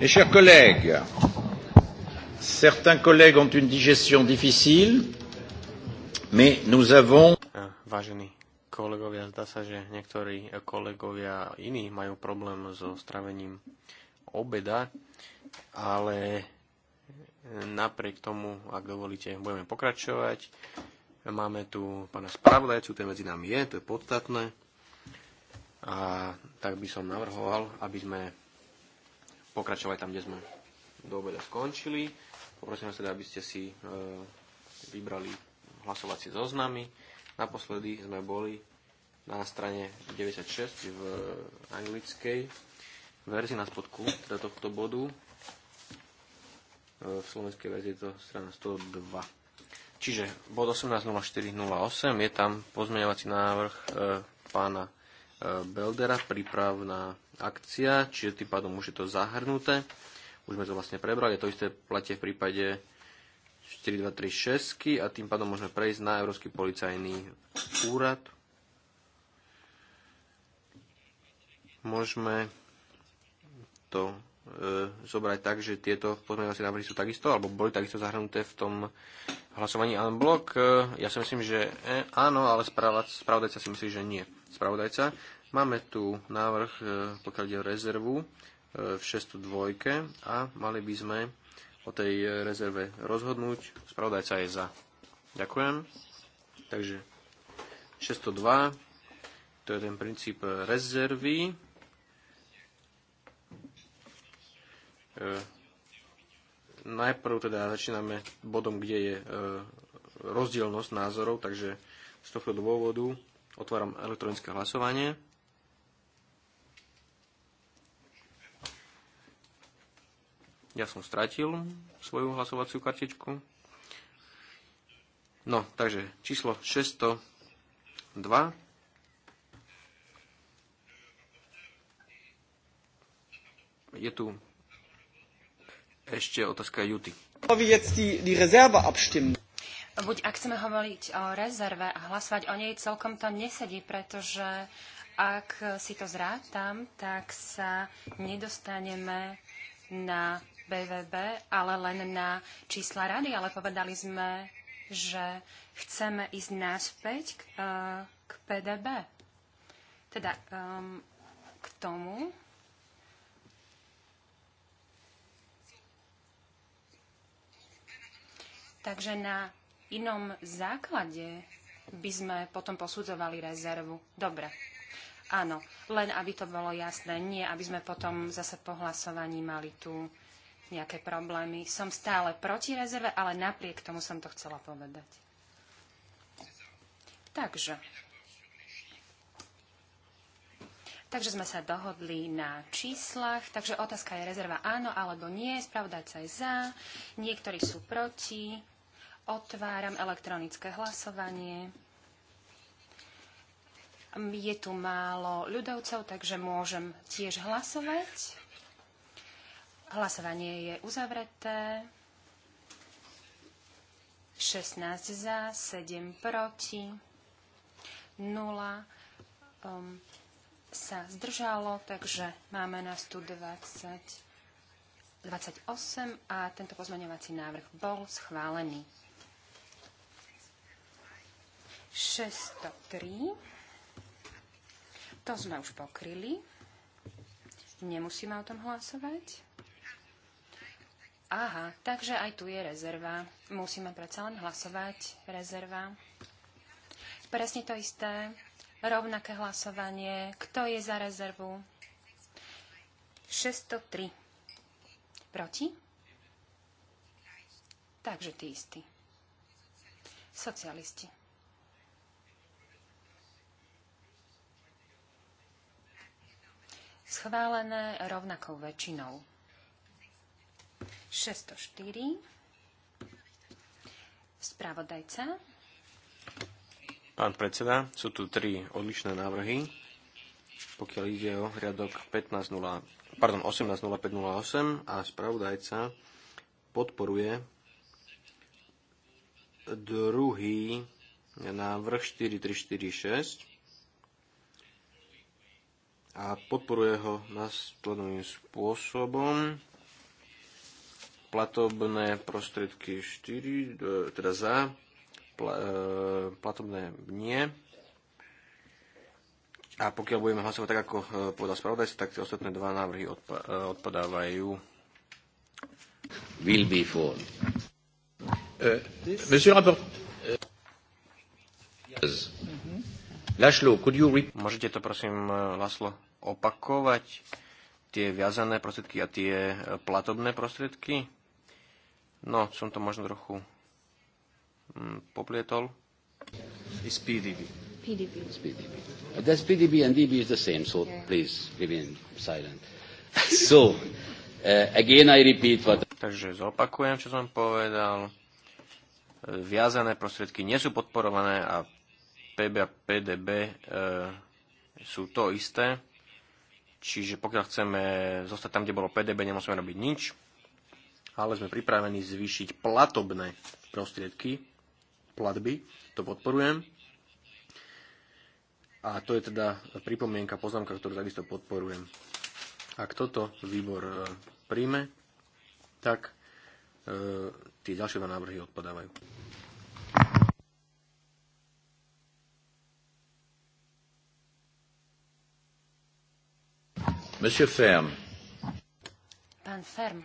Mes chers collègues, certains collègues ont une digestion difficile, mais nous avons... Vážení kolegovia, zdá sa, že niektorí kolegovia iní majú problém so stravením obeda, ale napriek tomu, ak dovolíte, budeme pokračovať. Máme tu pána spravodajcu, ten medzi nami je, to je podstatné. A tak by som navrhoval, aby sme pokračovať tam, kde sme do obeda skončili. Poprosím vás teda, aby ste si e, vybrali hlasovacie zoznamy. Naposledy sme boli na strane 96 v anglickej verzii na spodku teda tohto bodu. E, v slovenskej verzii je to strana 102. Čiže bod 18.04.08 je tam pozmeňovací návrh e, pána Beldera, prípravná akcia, čiže tým pádom už je to zahrnuté. Už sme to vlastne prebrali, to isté platie v prípade 4236 a tým pádom môžeme prejsť na Európsky policajný úrad. Môžeme to e, zobrať tak, že tieto pozmeňovacie návrhy sú takisto, alebo boli takisto zahrnuté v tom hlasovaní unblock. E, ja si myslím, že e, áno, ale spravodajca si myslí, že nie spravodajca. Máme tu návrh, e, pokiaľ ide o rezervu e, v 602 a mali by sme o tej e, rezerve rozhodnúť. Spravodajca je za. Ďakujem. Takže 602, to je ten princíp rezervy. najprv teda začíname bodom, kde je rozdielnosť názorov, takže z tohto dôvodu Otváram elektronické hlasovanie. Ja som stratil svoju hlasovaciu kartičku. No, takže číslo 602. Je tu ešte otázka Juty. Povedzte, die Reserve abstimmen buď ak chceme hovoriť o rezerve a hlasovať o nej, celkom to nesedí, pretože ak si to zrátam, tak sa nedostaneme na BVB, ale len na čísla rady, ale povedali sme, že chceme ísť naspäť k, e, k PDB. Teda um, k tomu, Takže na inom základe by sme potom posudzovali rezervu. Dobre. Áno, len aby to bolo jasné. Nie, aby sme potom zase po hlasovaní mali tu nejaké problémy. Som stále proti rezerve, ale napriek tomu som to chcela povedať. Takže. Takže sme sa dohodli na číslach, takže otázka je rezerva áno alebo nie, spravodajca je za, niektorí sú proti, Otváram elektronické hlasovanie. Je tu málo ľudovcov, takže môžem tiež hlasovať. Hlasovanie je uzavreté. 16 za, 7 proti, 0 um, sa zdržalo, takže máme nás tu 20, 28 a tento pozmeňovací návrh bol schválený. 603. To sme už pokryli. Nemusíme o tom hlasovať. Aha, takže aj tu je rezerva. Musíme predsa len hlasovať. Rezerva. Presne to isté. Rovnaké hlasovanie. Kto je za rezervu? 603. Proti? Takže tí istí. Socialisti. Schválené rovnakou väčšinou. 604. Spravodajca. Pán predseda, sú tu tri odlišné návrhy. Pokiaľ ide o riadok 15.0, pardon, 18.0508 a spravodajca podporuje druhý návrh 4346 a podporuje ho následným spôsobom. Platobné prostriedky 4, e, teda za, e, platobné nie. A pokiaľ budeme hlasovať tak, ako e, povedal spravodajca, tak tie ostatné dva návrhy odpadávajú. Will be for. Uh, monsieur rapport... Uh, yes. Laszlo, could you repeat? Môžete to prosím, e, Laslo, opakovať? Tie viazané prostriedky a tie e, platobné prostriedky? No, som to možno trochu mm, poplietol. It's PDB. PDB. It's PDB. That's PDB and DB is the same, so yeah. please remain silent. so, uh, again I repeat what... Takže zopakujem, čo som povedal. E, viazané prostriedky nie sú podporované a PB a PDB e, sú to isté. Čiže pokiaľ chceme zostať tam, kde bolo PDB, nemusíme robiť nič, ale sme pripravení zvýšiť platobné prostriedky, platby, to podporujem. A to je teda pripomienka, poznámka, ktorú takisto podporujem. Ak toto výbor e, príjme, tak e, tie ďalšie dva návrhy odpadávajú. Ferm. Pán Ferm.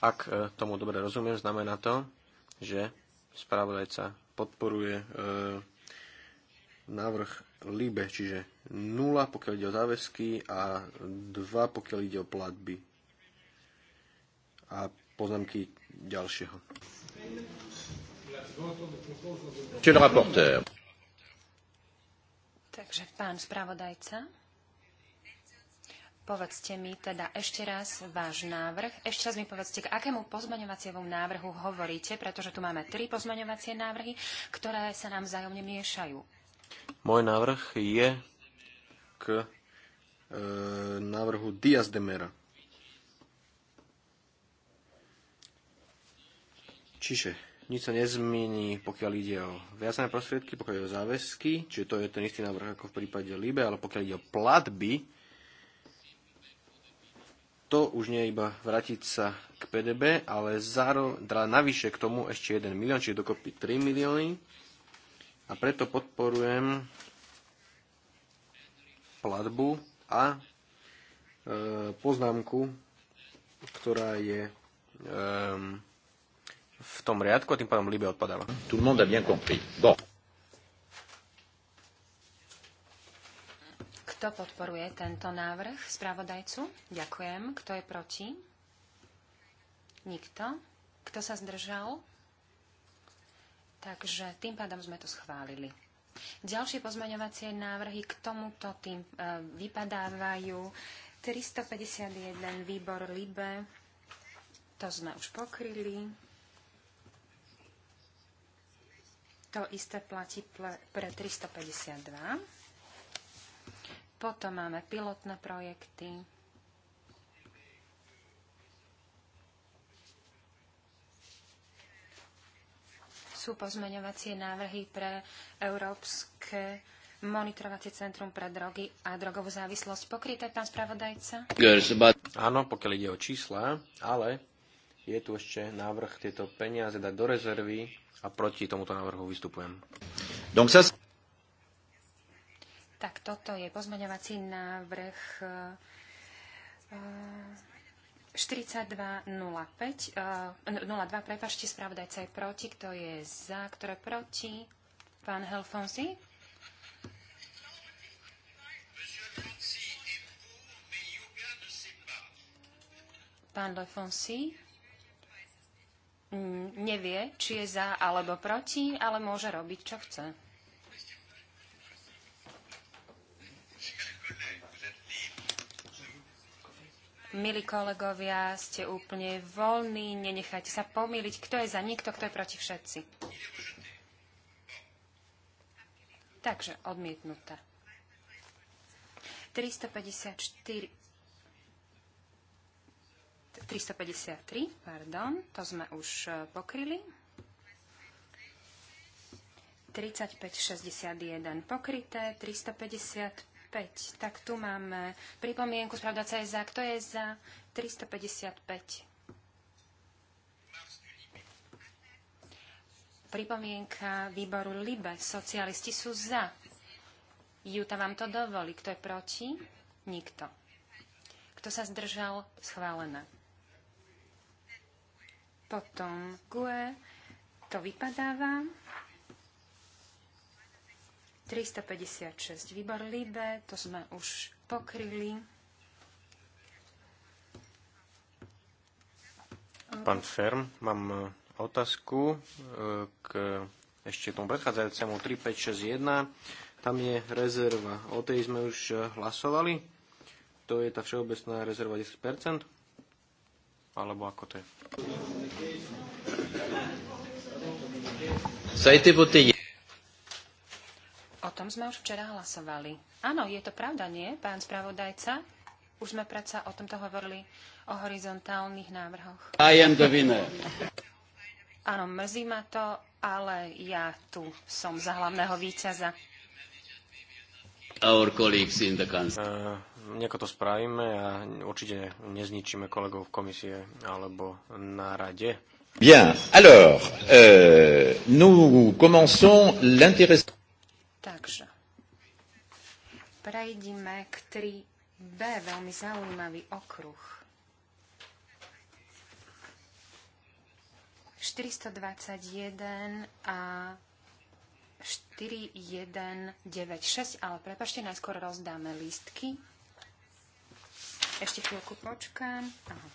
Ak e, tomu dobre rozumiem, znamená to, že spravodajca podporuje e, návrh LIBE, čiže 0, pokiaľ ide o záväzky a 2, pokiaľ ide o platby. A poznámky ďalšieho. Monsieur le rapporteur. Takže pán spravodajca. Povedzte mi teda ešte raz váš návrh. Ešte raz mi povedzte, k akému pozmaňovaciemu návrhu hovoríte, pretože tu máme tri pozmaňovacie návrhy, ktoré sa nám vzájomne miešajú. Môj návrh je k e, návrhu Diaz de Mera. Čiže nič sa nezmení, pokiaľ ide o viacné prostriedky, pokiaľ ide o záväzky, čiže to je ten istý návrh ako v prípade Libe, ale pokiaľ ide o platby, to už nie je iba vrátiť sa k PDB, ale zároveň, teda navyše k tomu ešte 1 milión, čiže dokopy 3 milióny. A preto podporujem platbu a e, poznámku, ktorá je e, v tom riadku a tým pádom Libia odpadáva. Tout le monde a bien compris. Bon. Kto podporuje tento návrh spravodajcu? Ďakujem. Kto je proti? Nikto. Kto sa zdržal? Takže tým pádom sme to schválili. Ďalšie pozmaňovacie návrhy k tomuto tým e, vypadávajú 351 výbor LIBE, to sme už pokryli. To isté platí pre 352. Potom máme pilotné projekty. Sú pozmeňovacie návrhy pre Európske monitorovacie centrum pre drogy a drogovú závislosť. Pokryté, pán spravodajca? Áno, pokiaľ ide o čísla, ale je tu ešte návrh tieto peniaze dať do rezervy a proti tomuto návrhu vystupujem. Donc ça... Tak toto je pozmeňovací návrh 42.05. 02, prepašte, spravodajca je proti. Kto je za, kto je proti? Pán Helfonsi? Pán Lefonsi hm, nevie, či je za alebo proti, ale môže robiť, čo chce. Milí kolegovia, ste úplne voľní, nenechajte sa pomýliť, kto je za nikto, kto je proti všetci. Takže odmietnuté. 354 353, pardon, to sme už e, pokryli. 3561 pokryté, 355 355. Tak tu máme pripomienku Spravda je za. Kto je za? 355. Pripomienka výboru LIBE. Socialisti sú za. Juta vám to dovolí. Kto je proti? Nikto. Kto sa zdržal? Schválené. Potom GUE. To vypadáva. 356 výbor Libe, to sme už pokryli. Pán Ferm, mám e, otázku e, k ešte tomu predchádzajúcemu 3561. Tam je rezerva. O tej sme už e, hlasovali. To je tá všeobecná rezerva 10%? Alebo ako to je? Zajte po tej O tom sme už včera hlasovali. Áno, je to pravda, nie, pán spravodajca? Už sme predsa o tomto hovorili, o horizontálnych návrhoch. I am the winner. Áno, mrzí ma to, ale ja tu som za hlavného víťaza. Our colleagues in the council. Uh, to spravíme a určite nezničíme kolegov v komisie alebo na rade. Bien, alors, euh, nous commençons l'intéressant. Takže prejdime k 3B, veľmi zaujímavý okruh. 421 a 4196, ale prepašte, najskôr rozdáme lístky. Ešte chvíľku počkám. Aha.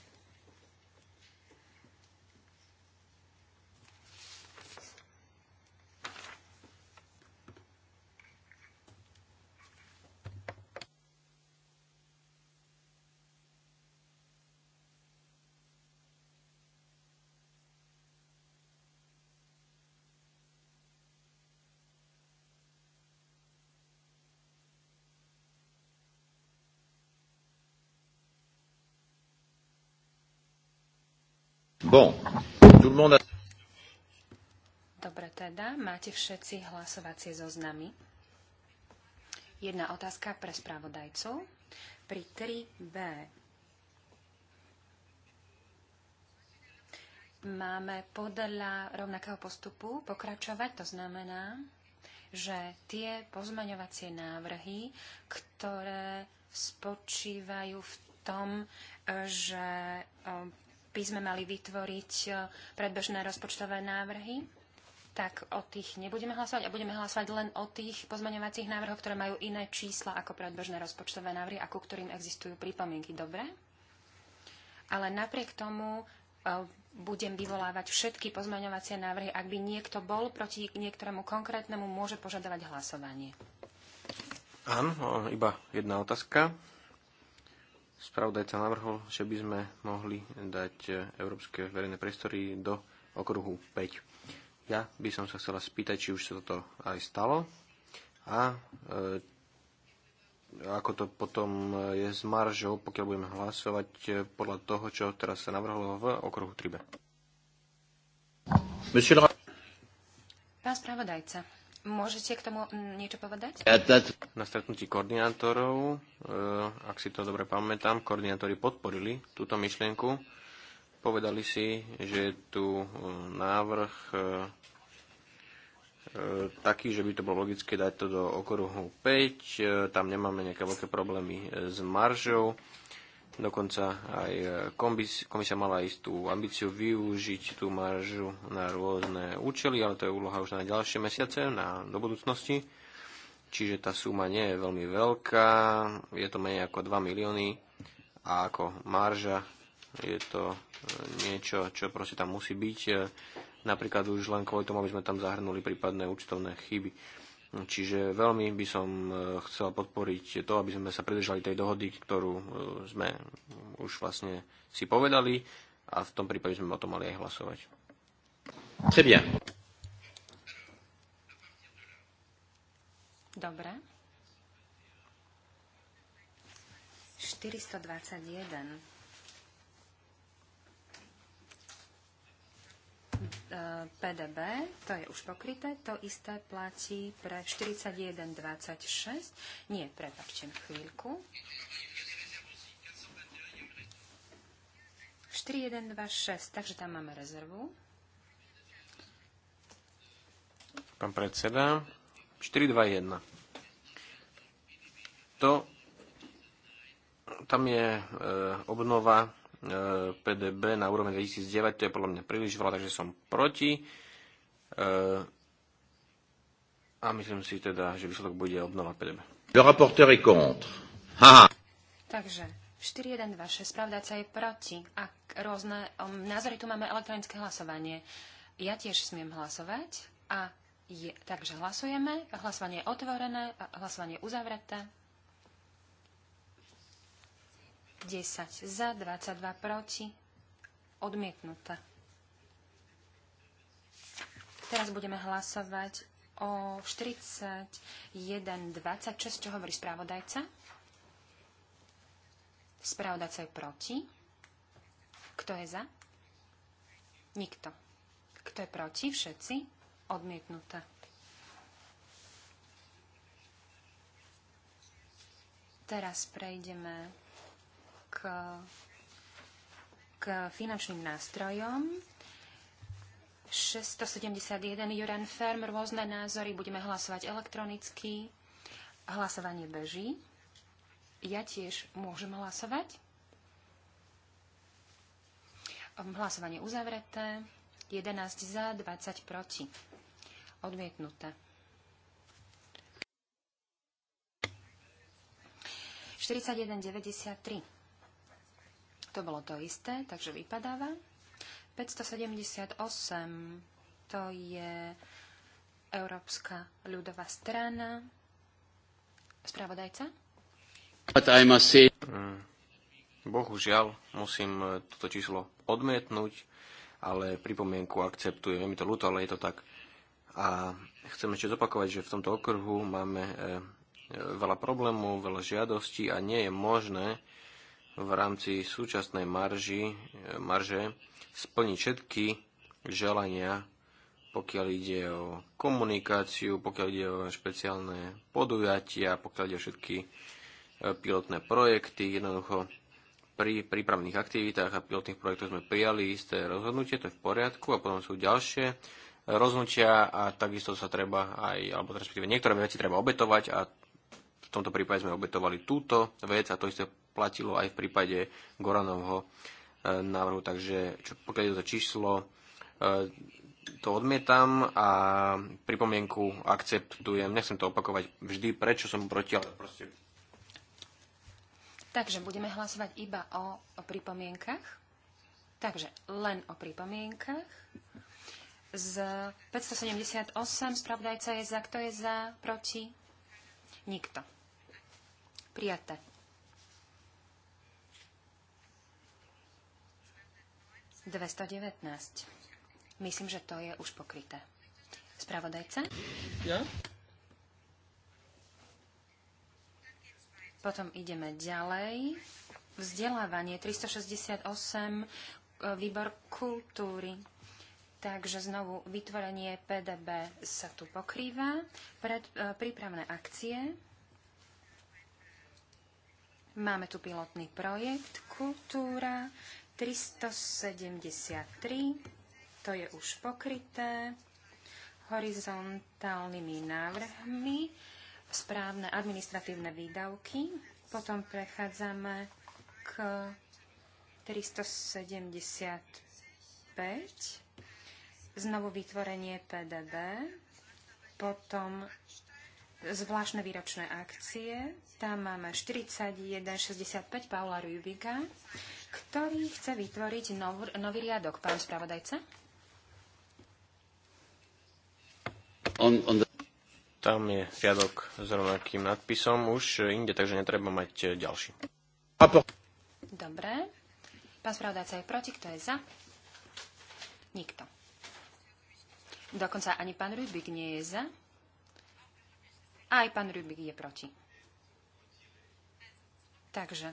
Bon. Tout le monde a... Dobre teda, máte všetci hlasovacie zoznamy. Jedna otázka pre spravodajcov. Pri 3B máme podľa rovnakého postupu pokračovať. To znamená, že tie pozmaňovacie návrhy, ktoré spočívajú v tom, že by sme mali vytvoriť e, predbežné rozpočtové návrhy, tak o tých nebudeme hlasovať a budeme hlasovať len o tých pozmeňovacích návrhoch, ktoré majú iné čísla ako predbežné rozpočtové návrhy a ku ktorým existujú pripomienky. Dobre? Ale napriek tomu e, budem vyvolávať všetky pozmeňovacie návrhy. Ak by niekto bol proti niektorému konkrétnemu, môže požadovať hlasovanie. Áno, iba jedna otázka. Spravodajca navrhol, že by sme mohli dať e, európske verejné priestory do okruhu 5. Ja by som sa chcela spýtať, či už sa toto aj stalo a e, ako to potom e, je s maržou, pokiaľ budeme hlasovať e, podľa toho, čo teraz sa navrhlo v okruhu 3B. Pán spravodajca. Môžete k tomu mm, niečo povedať? Teda- Na stretnutí koordinátorov, eh, ak si to dobre pamätám, koordinátori podporili túto myšlienku. Povedali si, že je tu eh, návrh eh, taký, že by to bolo logické dať to do okruhu 5. Tam nemáme nejaké veľké problémy s maržou Dokonca aj e, komisia mala istú ambíciu využiť tú maržu na rôzne účely, ale to je úloha už na ďalšie mesiace, na, do budúcnosti. Čiže tá suma nie je veľmi veľká, je to menej ako 2 milióny a ako marža je to e, niečo, čo proste tam musí byť. E, napríklad už len kvôli tomu, aby sme tam zahrnuli prípadné účtovné chyby Čiže veľmi by som e, chcel podporiť to, aby sme sa pridržali tej dohody, ktorú e, sme už vlastne si povedali a v tom prípade sme o tom mali aj hlasovať. Sebia. Dobre. 421. PDB, to je už pokryté, to isté platí pre 41,26. Nie, prepačte chvíľku. 4126, takže tam máme rezervu. Pán predseda, 421. To, tam je e, obnova E, PDB na úroveň 2009, to je podľa mňa príliš veľa, takže som proti. E, a myslím si teda, že výsledok bude obnova PDB. Le rapporteur est contre. Ha. Takže 4126, spravdáca je proti. A rôzne um, názory tu máme elektronické hlasovanie. Ja tiež smiem hlasovať a je, takže hlasujeme. Hlasovanie je otvorené, hlasovanie je uzavreté. 10 za, 22 proti, odmietnuté. Teraz budeme hlasovať o 41.26, čo hovorí správodajca. Správodajca je proti. Kto je za? Nikto. Kto je proti? Všetci. Odmietnuté. Teraz prejdeme k, k finančným nástrojom. 671 Juran Ferm, rôzne názory, budeme hlasovať elektronicky. Hlasovanie beží. Ja tiež môžem hlasovať. Hlasovanie uzavreté. 11 za, 20 proti. Odmietnuté. 41,93. To bolo to isté, takže vypadáva. 578 to je Európska ľudová strana. Spravodajca? Hmm. Bohužiaľ, musím eh, toto číslo odmietnúť, ale pripomienku akceptujem. Je mi to ľúto, ale je to tak. A chcem ešte zopakovať, že v tomto okruhu máme eh, eh, veľa problémov, veľa žiadostí a nie je možné v rámci súčasnej marži, marže splniť všetky želania, pokiaľ ide o komunikáciu, pokiaľ ide o špeciálne podujatia, pokiaľ ide o všetky e, pilotné projekty. Jednoducho pri prípravných aktivitách a pilotných projektoch sme prijali isté rozhodnutie, to je v poriadku a potom sú ďalšie rozhodnutia a takisto sa treba aj, alebo respektíve niektoré veci treba obetovať a v tomto prípade sme obetovali túto vec a to isté platilo aj v prípade Goranovho e, návrhu. Takže čo, pokiaľ je to číslo, e, to odmietam a pripomienku akceptujem. Nechcem to opakovať vždy, prečo som proti, ale proste... Takže budeme hlasovať iba o, o pripomienkach. Takže len o pripomienkach. Z 578 spravdajca je za, kto je za, proti? Nikto. Prijaté. 219. Myslím, že to je už pokryté. Spravodajca? Ja? Potom ideme ďalej. Vzdelávanie 368, e, výbor kultúry. Takže znovu vytvorenie PDB sa tu pokrýva. Pred, e, prípravné akcie. Máme tu pilotný projekt Kultúra. 373, to je už pokryté horizontálnymi návrhmi, správne administratívne výdavky. Potom prechádzame k 375, znovu vytvorenie PDB, potom zvláštne výročné akcie, tam máme 41,65 Paula Rubiga, ktorý chce vytvoriť nov, nový riadok. Pán spravodajca? On, on the... Tam je riadok s rovnakým nadpisom už inde, takže netreba mať ďalší. Dobre. Pán spravodajca je proti, kto je za? Nikto. Dokonca ani pán Rubik nie je za. Aj pán Rubik je proti. Takže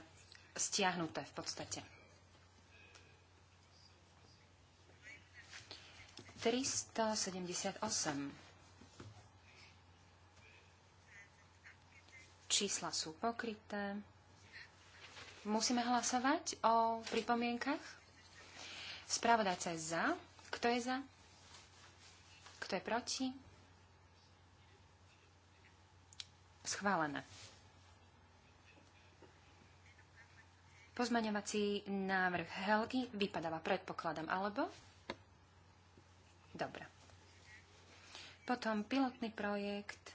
stiahnuté v podstate. 378 čísla sú pokryté. Musíme hlasovať o pripomienkach. Spravodajca je za. Kto je za? Kto je proti? Schválené. Pozmaňovací návrh Helgy vypadáva, predpokladám, alebo? Dobre. Potom pilotný projekt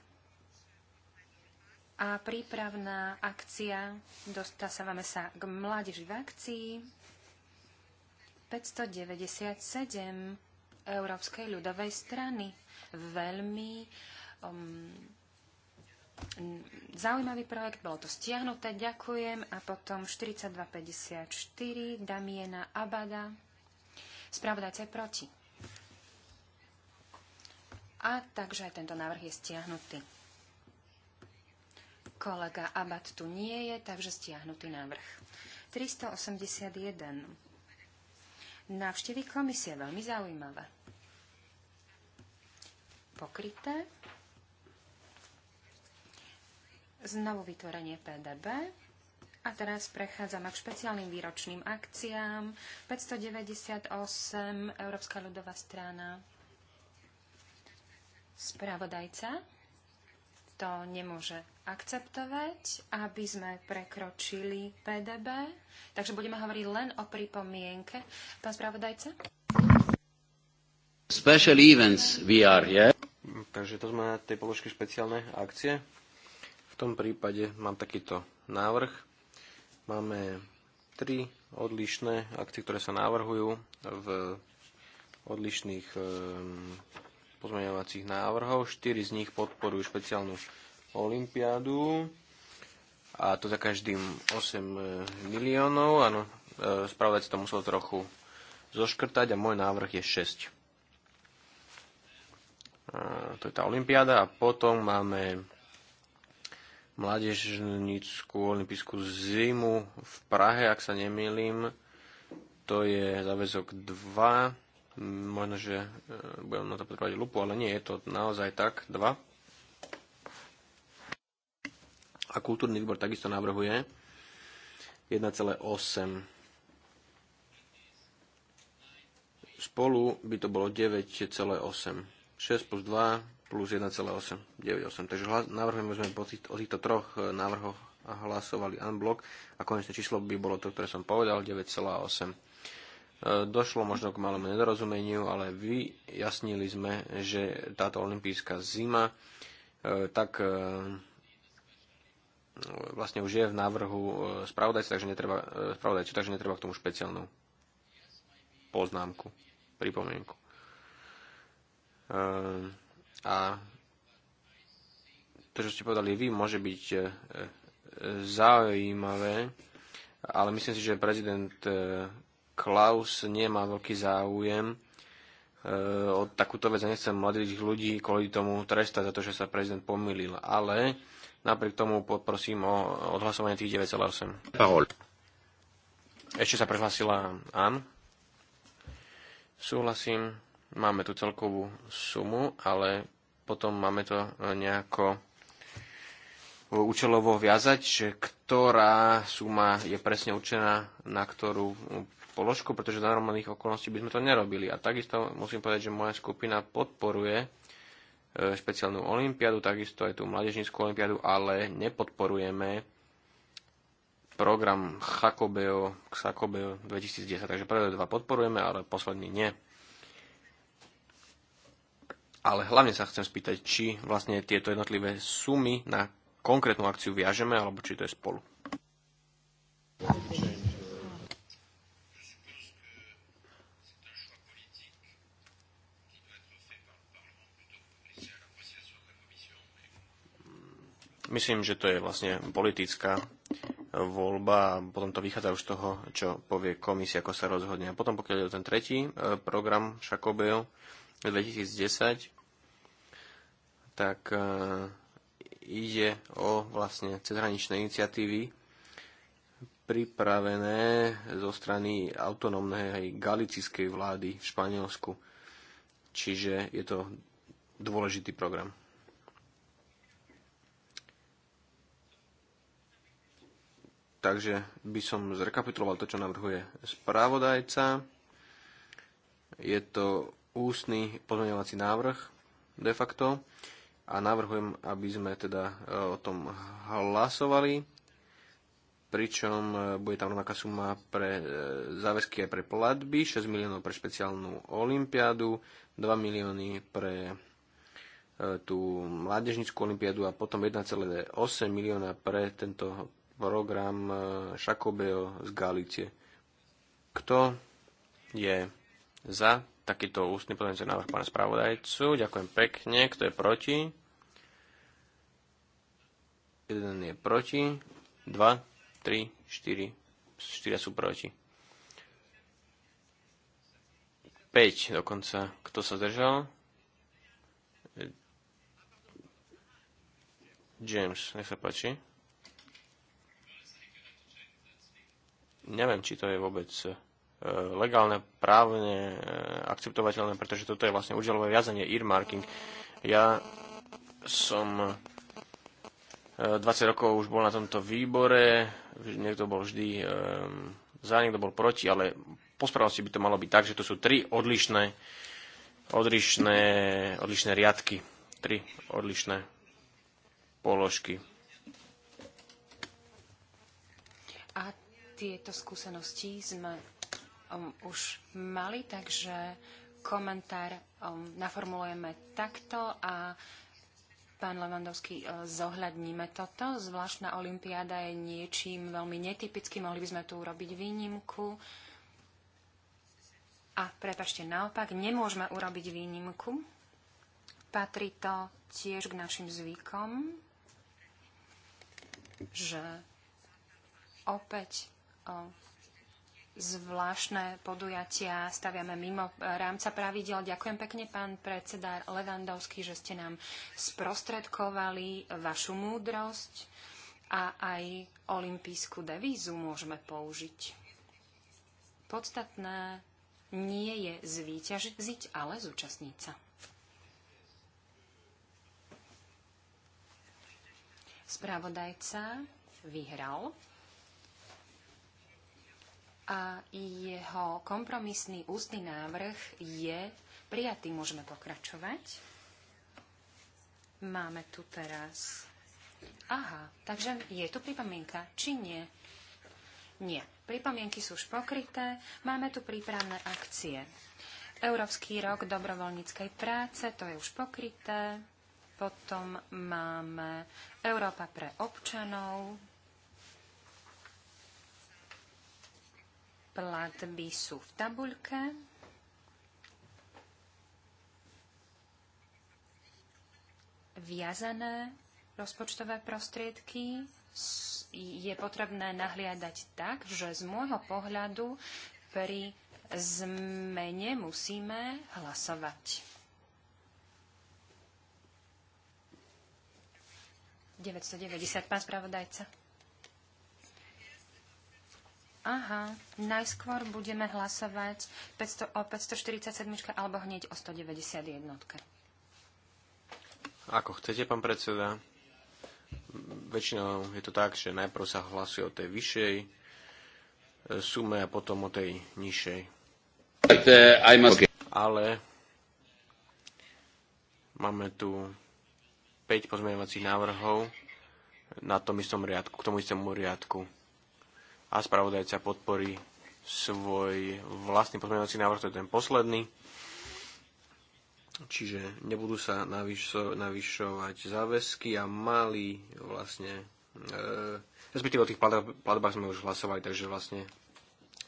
a prípravná akcia. Dostávame sa k mládeži v akcii. 597 Európskej ľudovej strany. Veľmi um, zaujímavý projekt, bolo to stiahnuté, ďakujem. A potom 4254 Damiena Abada. Spravodajca je proti. A takže aj tento návrh je stiahnutý. Kolega Abad tu nie je, takže stiahnutý návrh. 381. Návštevy komisie, veľmi zaujímavé. Pokryté znovu vytvorenie PDB. A teraz prechádzame k špeciálnym výročným akciám. 598, Európska ľudová strana. Spravodajca to nemôže akceptovať, aby sme prekročili PDB. Takže budeme hovoriť len o pripomienke. Pán spravodajca? Special events yeah? Takže to sme na tej položke špeciálne akcie. V tom prípade mám takýto návrh. Máme tri odlišné akcie, ktoré sa navrhujú v odlišných ehm, pozmeňovacích návrhov. Štyri z nich podporujú špeciálnu olimpiádu a to za každým 8 e, miliónov. Áno, e, spravodajca to musel trochu zoškrtať a môj návrh je 6. E, to je tá olimpiáda a potom máme mládežnickú olympijskú zimu v Prahe, ak sa nemýlim. To je záväzok 2. Možno, že e, budem na to potrebovať lupu, ale nie je to naozaj tak. 2. A kultúrny výbor takisto navrhuje 1,8. Spolu by to bolo 9,8. 6 plus 2 plus 1,898. Takže hlas, navrhujeme, sme po tých, o týchto troch e, návrhoch hlasovali unblock a konečné číslo by bolo to, ktoré som povedal, 9,8. E, došlo možno k malému nedorozumeniu, ale vyjasnili sme, že táto olimpijská zima e, tak vlastne už je v návrhu spravodajcu, takže netreba, spravodajcu, takže netreba k tomu špeciálnu poznámku, pripomienku. Um, a to, čo ste povedali vy, môže byť e, e, zaujímavé, ale myslím si, že prezident e, Klaus nemá veľký záujem o takúto vec a nechcem mladých ľudí kvôli tomu trestať za to, že sa prezident pomýlil. Ale napriek tomu poprosím o odhlasovanie tých 9,8. Ešte sa prehlásila Ann. Súhlasím, máme tu celkovú sumu, ale potom máme to e, nejako e, účelovo viazať, že ktorá suma je presne určená na ktorú e, položku, pretože za normálnych okolností by sme to nerobili. A takisto musím povedať, že moja skupina podporuje špeciálnu olimpiadu, takisto aj tú mládežnickú olimpiadu, ale nepodporujeme program Chakobeo, Xakobeo 2010. Takže prvé dva podporujeme, ale posledný nie ale hlavne sa chcem spýtať, či vlastne tieto jednotlivé sumy na konkrétnu akciu viažeme, alebo či to je spolu. Myslím, že to je vlastne politická voľba a potom to vychádza už z toho, čo povie komisia, ako sa rozhodne. A potom, pokiaľ je o ten tretí eh, program Šakobeo 2010, eh, tak e, ide o vlastne cezhraničné iniciatívy pripravené zo strany autonómnej galicijskej vlády v Španielsku. Čiže je to dôležitý program. Takže by som zrekapituloval to, čo navrhuje správodajca. Je to ústny pozmeňovací návrh de facto a navrhujem, aby sme teda e, o tom hlasovali, pričom e, bude tam rovnaká suma pre e, záväzky aj pre platby, 6 miliónov pre špeciálnu olimpiádu, 2 milióny pre tú mládežnickú olimpiádu a potom 1,8 milióna pre tento program Šakobeo z Galície. Kto je za takýto ústny pozmeňujúci návrh pána spravodajcu. Ďakujem pekne. Kto je proti? Jeden je proti. Dva, tri, štyri. Štyria sú proti. 5 dokonca. Kto sa zdržal? James, nech sa páči. Neviem, či to je vôbec E, legálne, právne e, akceptovateľné, pretože toto je vlastne účelové viazanie, earmarking. Ja som 20 e, rokov už bol na tomto výbore, niekto bol vždy za, niekto bol proti, ale po správnosti by to malo byť tak, že to sú tri odlišné, odlišné, odlišné riadky, tri odlišné položky. A tieto skúsenosti sme um, už mali, takže komentár um, naformulujeme takto a pán Levandovský, uh, zohľadníme toto. Zvláštna olimpiáda je niečím veľmi netypickým, mohli by sme tu urobiť výnimku. A prepačte, naopak, nemôžeme urobiť výnimku. Patrí to tiež k našim zvykom, že opäť um, zvláštne podujatia staviame mimo eh, rámca pravidel. Ďakujem pekne, pán predseda Levandovský, že ste nám sprostredkovali vašu múdrosť a aj olimpijskú devízu môžeme použiť. Podstatné nie je zvíťaziť, ale zúčastniť sa. Spravodajca vyhral a jeho kompromisný ústny návrh je prijatý. Môžeme pokračovať. Máme tu teraz... Aha, takže je tu pripomienka, či nie? Nie. Pripomienky sú už pokryté. Máme tu prípravné akcie. Európsky rok dobrovoľníckej práce, to je už pokryté. Potom máme Európa pre občanov, platby sú v tabuľke. Viazané rozpočtové prostriedky je potrebné nahliadať tak, že z môjho pohľadu pri zmene musíme hlasovať. 990, pán spravodajca. Aha, najskôr budeme hlasovať 500, o 547 alebo hneď o 191. Ako chcete, pán predseda. Väčšinou je to tak, že najprv sa hlasuje o tej vyššej e, sume a potom o tej nižšej. Okay. Ale máme tu 5 pozmeňovacích návrhov na tom istom riadku, k tomu istému riadku a spravodajca podporí svoj vlastný pozmeňovací návrh, to je ten posledný. Čiže nebudú sa navyšo, navyšovať záväzky a mali vlastne, e, respektíve o tých platbách sme už hlasovali, takže vlastne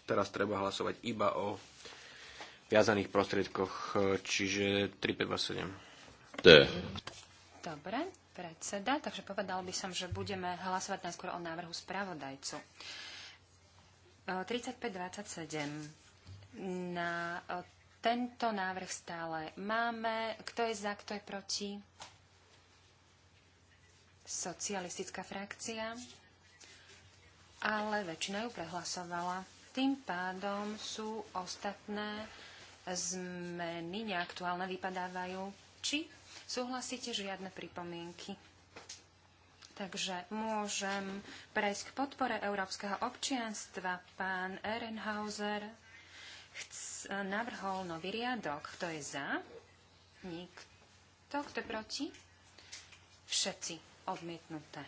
teraz treba hlasovať iba o viazaných prostriedkoch, e, čiže 3527. Dobre, predseda, takže povedal by som, že budeme hlasovať najskôr o návrhu spravodajcu. 3527. Na tento návrh stále máme. Kto je za, kto je proti? Socialistická frakcia. Ale väčšina ju prehlasovala. Tým pádom sú ostatné zmeny neaktuálne vypadávajú. Či súhlasíte žiadne pripomienky? Takže môžem prejsť k podpore európskeho občianstva. Pán Ehrenhauser navrhol nový riadok. Kto je za? Nikto. Kto je proti? Všetci odmietnuté.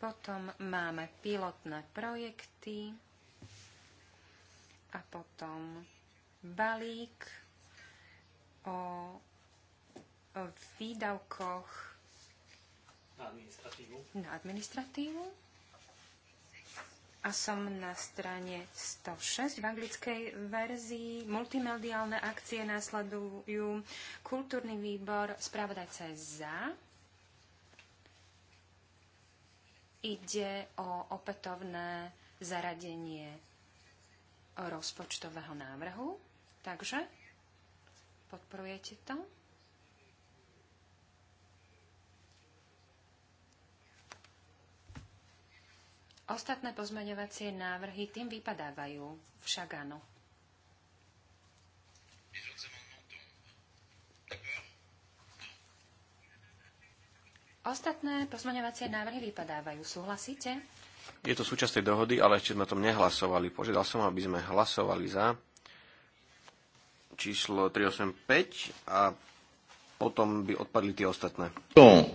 Potom máme pilotné projekty a potom balík o výdavkoch na administratívu. Na administratívu. A som na strane 106 v anglickej verzii. Multimediálne akcie následujú. Kultúrny výbor, spravodajca za. Ide o opätovné zaradenie rozpočtového návrhu. Takže podporujete to? Ostatné pozmeňovacie návrhy tým vypadávajú, však áno. Ostatné pozmeňovacie návrhy vypadávajú. Súhlasíte? Je to súčasť tej dohody, ale ešte sme o tom nehlasovali. Požiadal som, aby sme hlasovali za číslo 385 a potom by odpadli tie ostatné.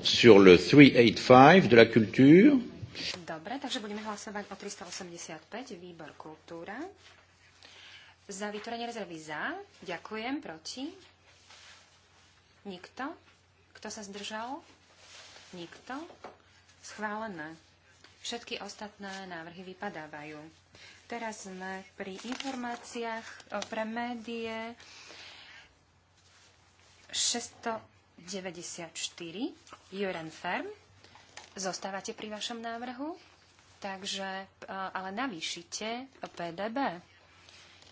Sur le 385 de la culture. Dobre, takže budeme hlasovať o 385, výbor kultúra. Za vytvorenie rezervy za. Ďakujem. Proti? Nikto. Kto sa zdržal? Nikto. Schválené. Všetky ostatné návrhy vypadávajú. Teraz sme pri informáciách pre médie 694 Juren Ferm. Zostávate pri vašom návrhu? Takže, e, ale navýšite PDB.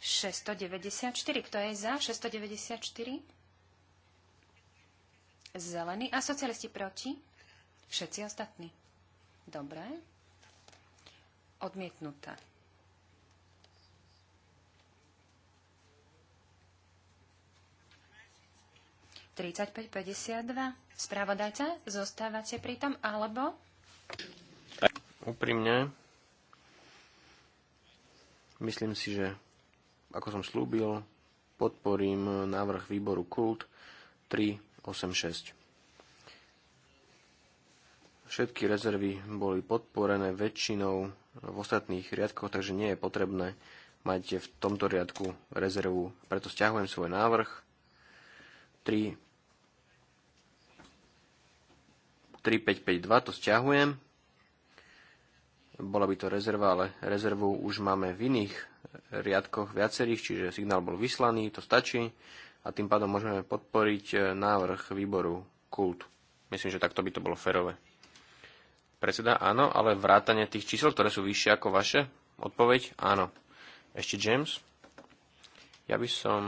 694. Kto je za 694? Zelení a socialisti proti? Všetci ostatní. Dobre. Odmietnuté. 35-52? Spravodajca, zostávate pritom, alebo? Úprimne, myslím si, že ako som slúbil, podporím návrh výboru KULT 386. Všetky rezervy boli podporené väčšinou v ostatných riadkoch, takže nie je potrebné mať v tomto riadku rezervu. Preto stiahujem svoj návrh 3552, to stiahujem. Bola by to rezerva, ale rezervu už máme v iných riadkoch viacerých, čiže signál bol vyslaný, to stačí a tým pádom môžeme podporiť e, návrh výboru kult. Myslím, že takto by to bolo ferové. Predseda, áno, ale vrátanie tých čísel, ktoré sú vyššie ako vaše? Odpoveď, áno. Ešte James? Ja by som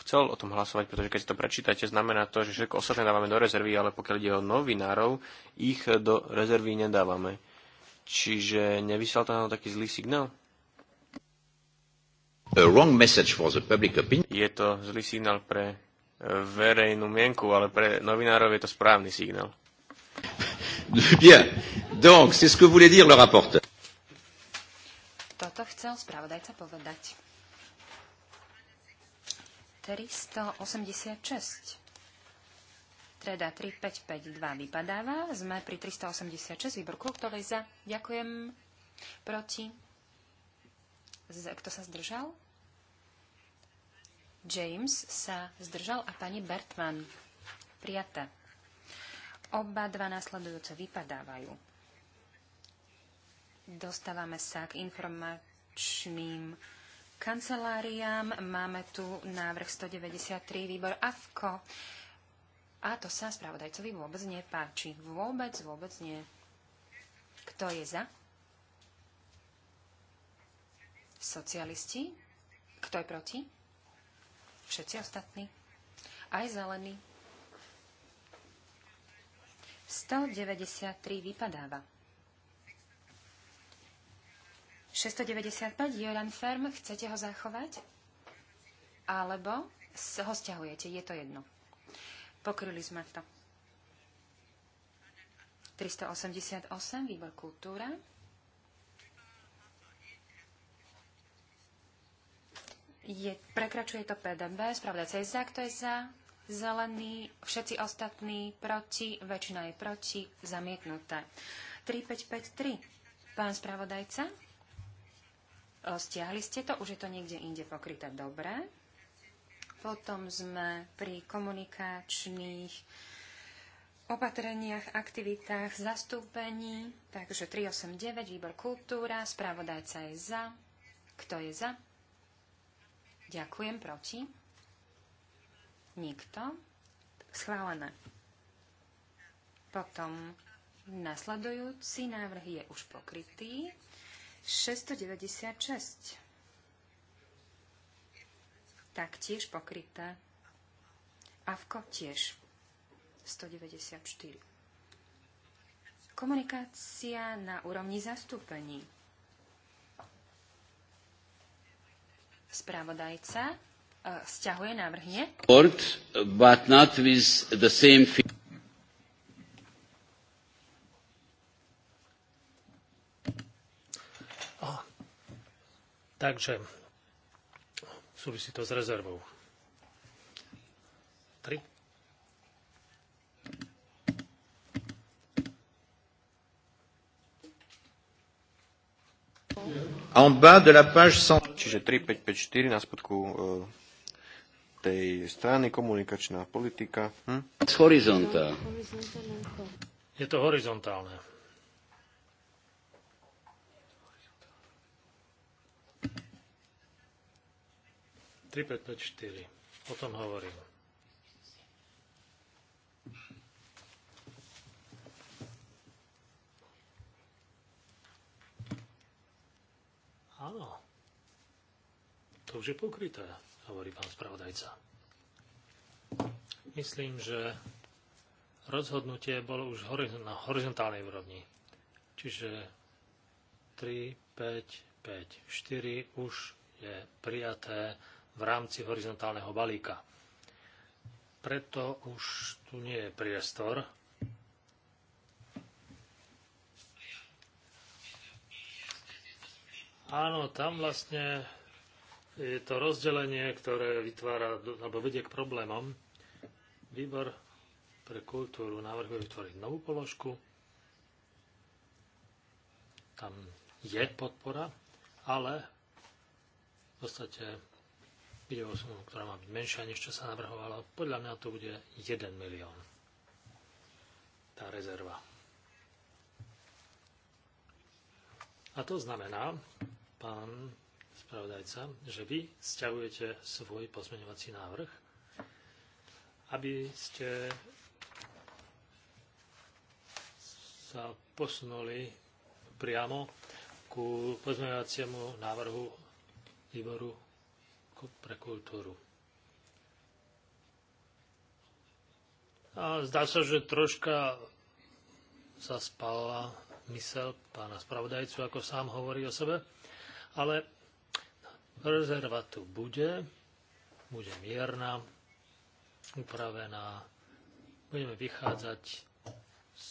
chcel o tom hlasovať, pretože keď si to prečítate, znamená to, že všetko ostatné dávame do rezervy, ale pokiaľ ide o novinárov, ich do rezervy nedávame. Čiže nevysiel to na taký zlý signál? Je to zlý signál pre e, verejnú mienku, ale pre novinárov je to správny signál. Bien. Donc, c'est ce que voulait dire le rapporteur. Toto chcel spravodajca povedať. 386. Treda 3552 vypadáva. Sme pri 386 výborku, kto je za. Ďakujem. Proti. Z, kto sa zdržal? James sa zdržal a pani Bertman. Prijaté. Oba dva následujúce vypadávajú. Dostávame sa k informačným kanceláriám. Máme tu návrh 193, výbor AFKO. A to sa spravodajcovi vôbec nepáči. Vôbec, vôbec nie. Kto je za? Socialisti? Kto je proti? Všetci ostatní. Aj zelení. 193 vypadáva. 695, Joran Ferm, chcete ho zachovať? Alebo ho stiahujete, je to jedno. Pokryli sme to. 388, výbor kultúra. Je, prekračuje to PDB, spravda je za, kto je za, zelený, všetci ostatní proti, väčšina je proti, zamietnuté. 3553, pán spravodajca. Eh, stiahli ste to, už je to niekde inde pokryté dobre. Potom sme pri komunikačných opatreniach, aktivitách, zastúpení. Takže 389, výbor kultúra, správodajca je za. Kto je za? Ďakujem, proti? Nikto. Schválené. Potom nasledujúci návrh je už pokrytý. 696. Taktiež pokryté. Avko tiež. 194. Komunikácia na úrovni zastúpení. Spravodajca e, stiahuje návrh, But not with the same Takže súvisí to s rezervou. 3. En bas de la page 100. Čiže 3554 na spodku e, tej strany komunikačná politika. Hm? Horizonta. Je to horizontálne. 3554. O tom hovorím. Áno. To už je pokryté, hovorí pán spravodajca. Myslím, že rozhodnutie bolo už na horizontálnej úrovni. Čiže 3, 5, 5, 4 už je prijaté v rámci horizontálneho balíka. Preto už tu nie je priestor Áno, tam vlastne je to rozdelenie, ktoré vytvára, alebo vedie k problémom. Výbor pre kultúru navrhuje vytvoriť novú položku. Tam je podpora, ale v podstate Ide o sumu, ktorá má byť menšia, než čo sa navrhovalo. Podľa mňa to bude 1 milión. Tá rezerva. A to znamená, pán spravodajca, že vy stiahujete svoj pozmeňovací návrh, aby ste sa posunuli priamo ku pozmeňovaciemu návrhu výboru pre kultúru. A zdá sa, že troška zaspala mysel pána spravodajcu, ako sám hovorí o sebe, ale rezerva tu bude, bude mierna, upravená. Budeme vychádzať z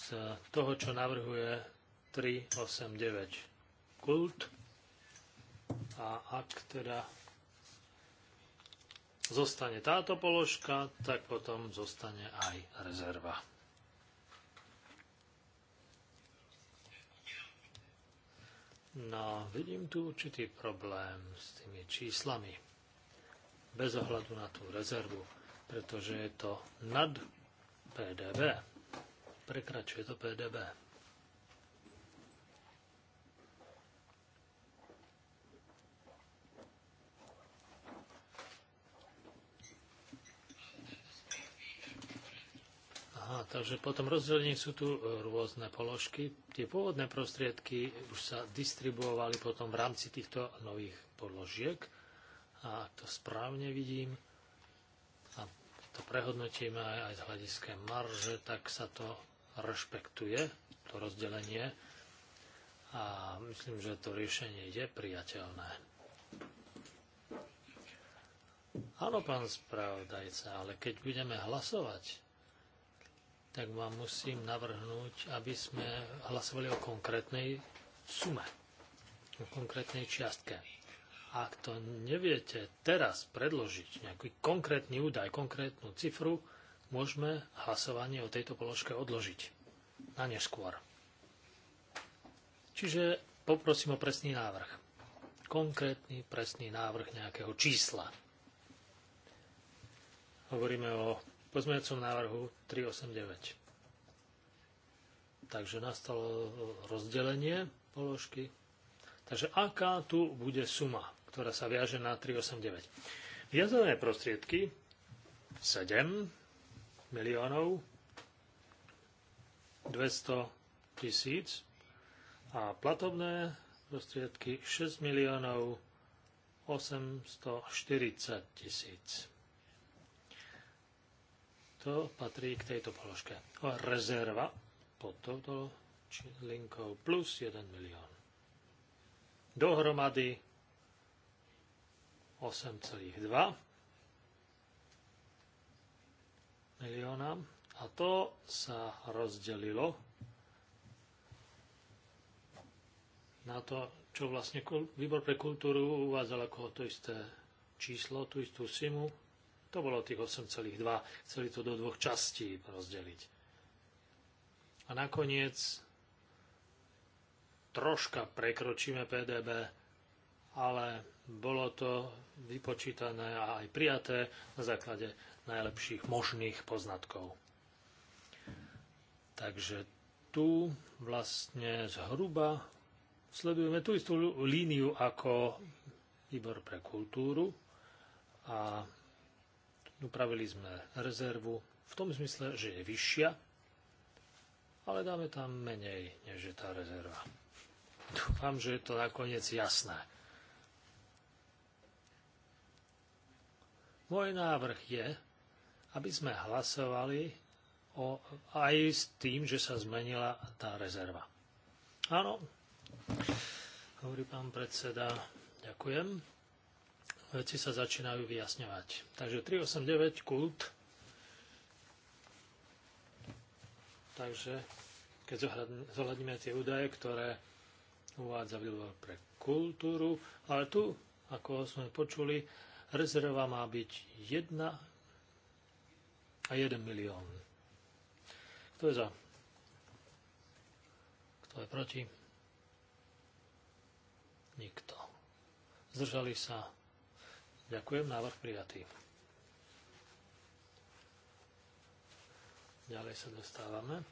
toho, čo navrhuje 389 kult. A ak teda zostane táto položka, tak potom zostane aj rezerva. No, vidím tu určitý problém s tými číslami. Bez ohľadu na tú rezervu, pretože je to nad PDB. Prekračuje to PDB. Aha, takže potom rozdelení sú tu e, rôzne položky. Tie pôvodné prostriedky už sa distribuovali potom v rámci týchto nových položiek. A ak to správne vidím a to prehodnotíme aj z hľadiska marže, tak sa to rešpektuje, to rozdelenie. A myslím, že to riešenie je priateľné. Áno, pán spravodajca, ale keď budeme hlasovať, tak vám musím navrhnúť, aby sme hlasovali o konkrétnej sume, o konkrétnej čiastke. Ak to neviete teraz predložiť nejaký konkrétny údaj, konkrétnu cifru, môžeme hlasovanie o tejto položke odložiť na neskôr. Čiže poprosím o presný návrh. Konkrétny presný návrh nejakého čísla. Hovoríme o pozmeňujúcom návrhu 389. Takže nastalo rozdelenie položky. Takže aká tu bude suma, ktorá sa viaže na 389? Viazané prostriedky 7 miliónov 200 tisíc a platobné prostriedky 6 miliónov 840 tisíc to patrí k tejto položke. Rezerva pod touto linkou plus 1 milión. Dohromady 8,2 milióna a to sa rozdelilo na to, čo vlastne výbor pre kultúru uvádzal ako to isté číslo, tú istú simu, to bolo tých 8,2. Chceli to do dvoch častí rozdeliť. A nakoniec troška prekročíme PDB, ale bolo to vypočítané a aj prijaté na základe najlepších možných poznatkov. Takže tu vlastne zhruba sledujeme tú istú líniu ako výbor pre kultúru a upravili no, sme rezervu v tom zmysle, že je vyššia, ale dáme tam menej, než je tá rezerva. Dúfam, že je to nakoniec jasné. Môj návrh je, aby sme hlasovali o, aj s tým, že sa zmenila tá rezerva. Áno, hovorí pán predseda, ďakujem veci sa začínajú vyjasňovať. Takže 389 kult. Takže keď zohľadníme tie údaje, ktoré uvádza výbor pre kultúru, ale tu, ako sme počuli, rezerva má byť 1 a 1 milión. Kto je za? Kto je proti? Nikto. Zdržali sa Ďakujem, návrh prijatý. Ďalej sa dostávame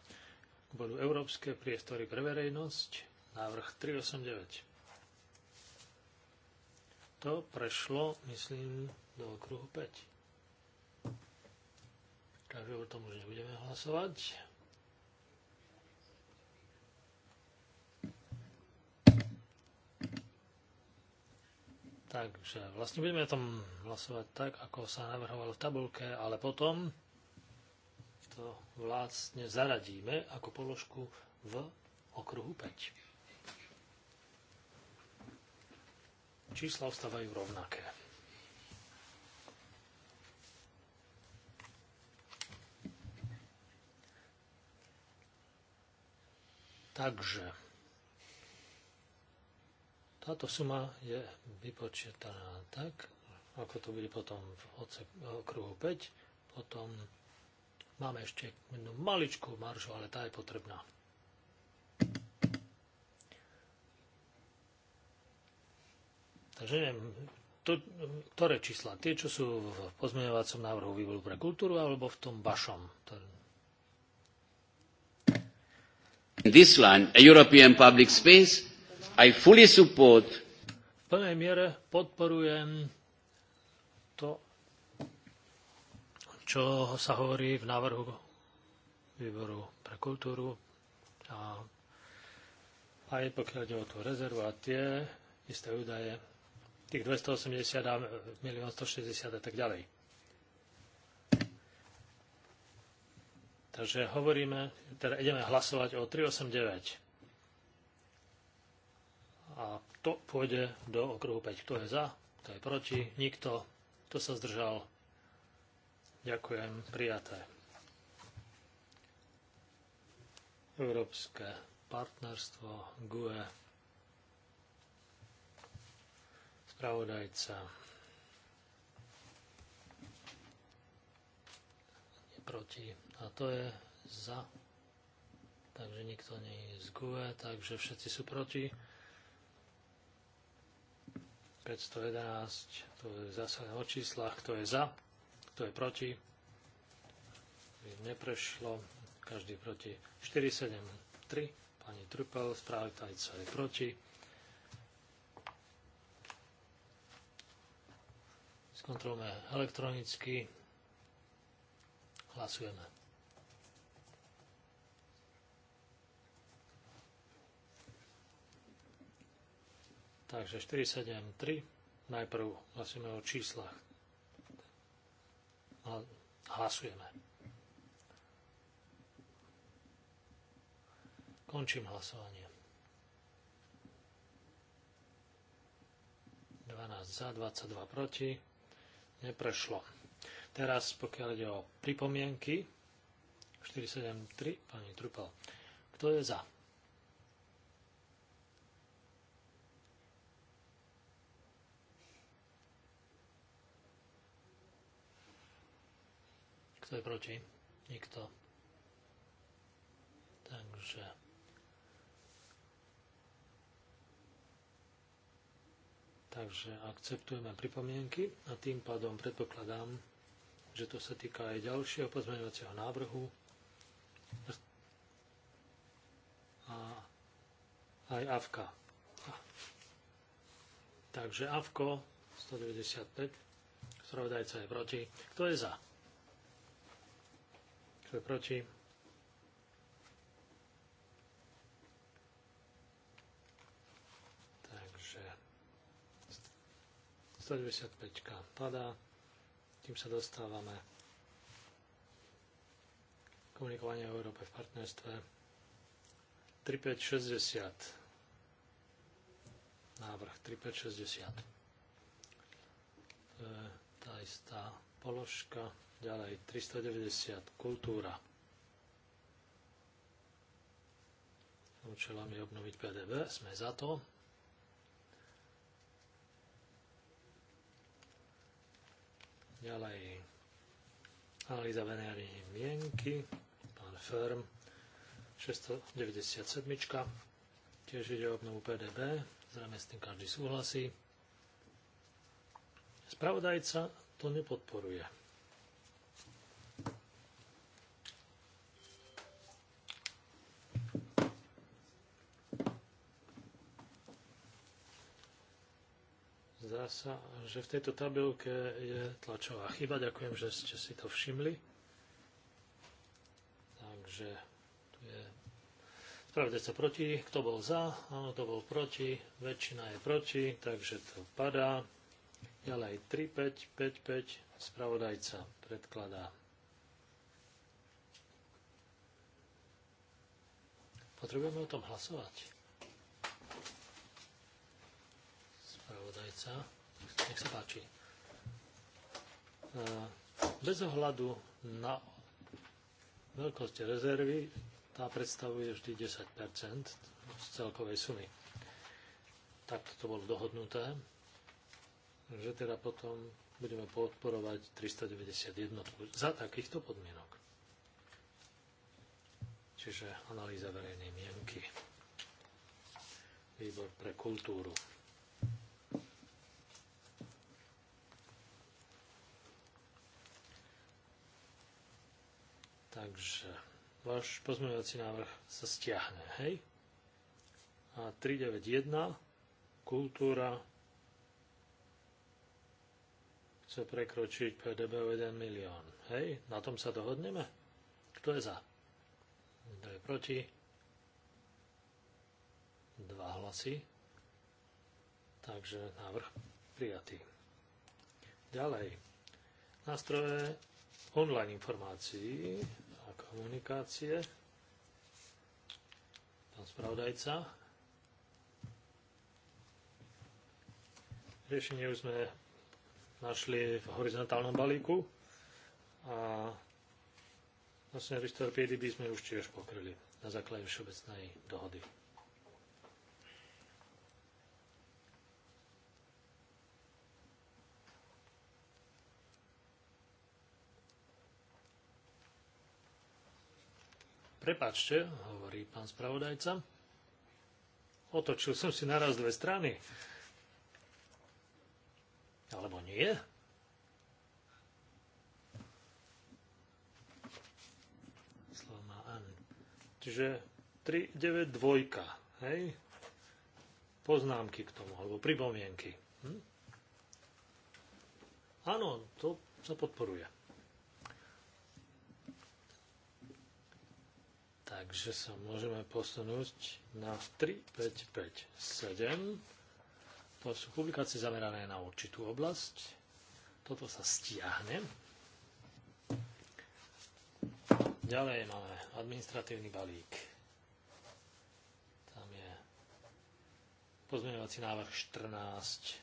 k bodu Európske priestory pre verejnosť, návrh 389. To prešlo, myslím, do okruhu 5. Takže o tom už nebudeme hlasovať. Takže vlastne budeme o tom hlasovať tak, ako sa navrhovalo v tabulke, ale potom to vlastne zaradíme ako položku v okruhu 5. Čísla ostávajú rovnaké. Takže táto suma je vypočítaná tak, ako to bude potom v okruhu 5. Potom máme ešte jednu maličkú maržu, ale tá je potrebná. Takže neviem, to, ktoré čísla? Tie, čo sú v pozmeňovacom návrhu výboru pre kultúru alebo v tom vašom? This line, a European public space, v plnej miere podporujem to, čo sa hovorí v návrhu výboru pre kultúru a aj pokiaľ ide o tú rezervu a tie isté údaje, tých 280 a 1 160 a tak ďalej. Takže hovoríme, teda ideme hlasovať o 389 to pôjde do okruhu 5. Kto je za, kto je proti, nikto, kto sa zdržal. Ďakujem, prijaté. Európske partnerstvo GUE spravodajca je proti a to je za takže nikto nie je z GUE takže všetci sú proti 511, to je zase o číslach, kto je za, kto je proti. Neprešlo, každý proti 473, pani Trupel, správtajca je proti. Skontrolujeme elektronicky, hlasujeme. Takže 473. Najprv hlasujeme o číslach. Hlasujeme. Končím hlasovanie. 12 za, 22 proti. Neprešlo. Teraz, pokiaľ ide o pripomienky, 473, pani Trupel. Kto je za? Kto je proti? Nikto. Takže... Takže akceptujeme pripomienky a tým pádom predpokladám, že to sa týka aj ďalšieho pozmeňovacieho návrhu a aj AVKA. Takže AVKO 195, spravodajca je proti. Kto je za? kto proti. Takže 195 padá, tým sa dostávame komunikovanie o Európe v partnerstve 3560 návrh 3560. To je tá istá položka, ďalej 390, kultúra. Účelom je obnoviť PDB, sme za to. Ďalej analýza Venery mienky, pán Firm, 697, tiež ide o obnovu PDB, zrejme s tým každý súhlasí. Spravodajca to nepodporuje. Zdá sa, že v tejto tabelke je tlačová chyba. Ďakujem, že ste si to všimli. Takže tu je Spravde sa proti, kto bol za, áno, to bol proti, väčšina je proti, takže to padá. Ďalej 3555 spravodajca predkladá. Potrebujeme o tom hlasovať. Spravodajca, nech sa páči. E, bez ohľadu na veľkosť rezervy, tá predstavuje vždy 10 z celkovej sumy. Takto to bolo dohodnuté že teda potom budeme podporovať 391 za takýchto podmienok. Čiže analýza verejnej mienky. Výbor pre kultúru. Takže váš pozmeňovací návrh sa stiahne, hej? A 391 kultúra chce prekročiť PDB o 1 milión. Hej, na tom sa dohodneme? Kto je za? Kto je proti? Dva hlasy. Takže návrh prijatý. Ďalej. Nástroje online informácií a komunikácie. Pán spravodajca. Riešenie už sme našli v horizontálnom balíku a vlastne ristorpídy by sme už tiež pokryli na základe všeobecnej dohody. Prepačte, hovorí pán spravodajca. Otočil som si naraz dve strany alebo nie? Slovo má an. Čiže 3, 9, 2, hej? Poznámky k tomu, alebo pripomienky. Hm? Áno, to sa podporuje. Takže sa môžeme posunúť na 3, 5, 5, 7. To sú publikácie zamerané na určitú oblasť. Toto sa stiahne. Ďalej máme administratívny balík. Tam je pozmeňovací návrh 14, 15,